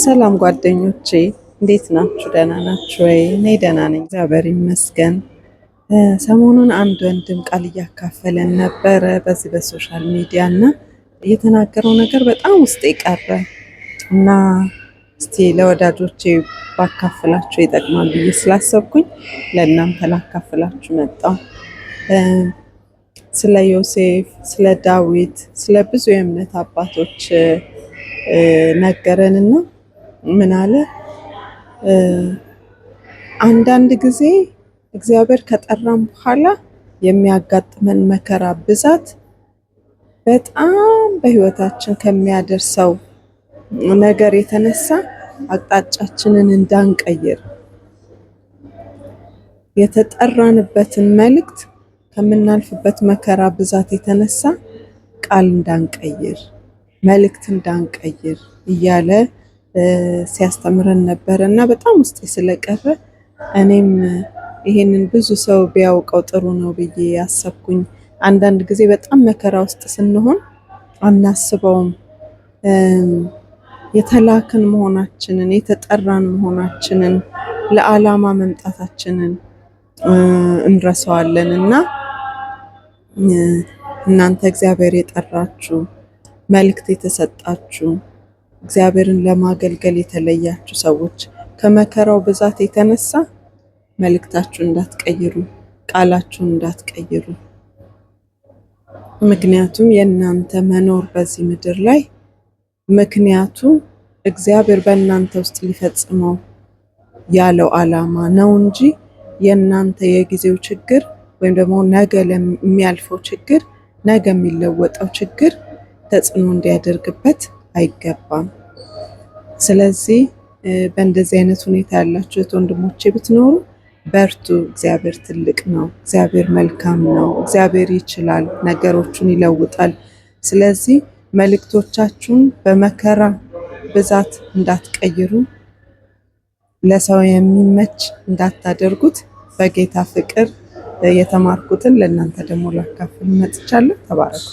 ሰላም ጓደኞቼ እንዴት ናችሁ? ደህና ናችሁ ወይ? እኔ ደህና ነኝ፣ እግዚአብሔር ይመስገን። ሰሞኑን አንድ ወንድም ቃል እያካፈለን ነበረ በዚህ በሶሻል ሚዲያ እና የተናገረው ነገር በጣም ውስጥ ቀረ እና እስቲ ለወዳጆቼ ባካፍላችሁ ይጠቅማል ብዬ ስላሰብኩኝ ለእናንተ ላካፍላችሁ መጣው። ስለ ዮሴፍ፣ ስለ ዳዊት፣ ስለ ብዙ የእምነት አባቶች ነገረን እና ምን አለ አንዳንድ ጊዜ እግዚአብሔር ከጠራን በኋላ የሚያጋጥመን መከራ ብዛት በጣም በህይወታችን ከሚያደርሰው ነገር የተነሳ አቅጣጫችንን እንዳንቀይር የተጠራንበትን መልእክት ከምናልፍበት መከራ ብዛት የተነሳ ቃል እንዳንቀይር መልእክት እንዳንቀይር እያለ ሲያስተምረን ነበር እና በጣም ውስጤ ስለቀረ እኔም ይሄንን ብዙ ሰው ቢያውቀው ጥሩ ነው ብዬ ያሰብኩኝ። አንዳንድ ጊዜ በጣም መከራ ውስጥ ስንሆን አናስበውም የተላክን መሆናችንን የተጠራን መሆናችንን ለዓላማ መምጣታችንን እንረሰዋለን እና እናንተ እግዚአብሔር የጠራችሁ መልእክት የተሰጣችሁ እግዚአብሔርን ለማገልገል የተለያችሁ ሰዎች ከመከራው ብዛት የተነሳ መልእክታችሁን እንዳትቀይሩ፣ ቃላችሁን እንዳትቀይሩ። ምክንያቱም የእናንተ መኖር በዚህ ምድር ላይ ምክንያቱ እግዚአብሔር በእናንተ ውስጥ ሊፈጽመው ያለው ዓላማ ነው እንጂ የእናንተ የጊዜው ችግር ወይም ደግሞ ነገ የሚያልፈው ችግር ነገ የሚለወጠው ችግር ተጽዕኖ እንዲያደርግበት አይገባም። ስለዚህ በእንደዚህ አይነት ሁኔታ ያላችሁ እህት ወንድሞቼ ብትኖሩ በርቱ። እግዚአብሔር ትልቅ ነው። እግዚአብሔር መልካም ነው። እግዚአብሔር ይችላል፣ ነገሮቹን ይለውጣል። ስለዚህ መልእክቶቻችሁን በመከራ ብዛት እንዳትቀይሩ፣ ለሰው የሚመች እንዳታደርጉት በጌታ ፍቅር የተማርኩትን ለእናንተ ደግሞ ላካፍል መጥቻለሁ። ተባረኩ።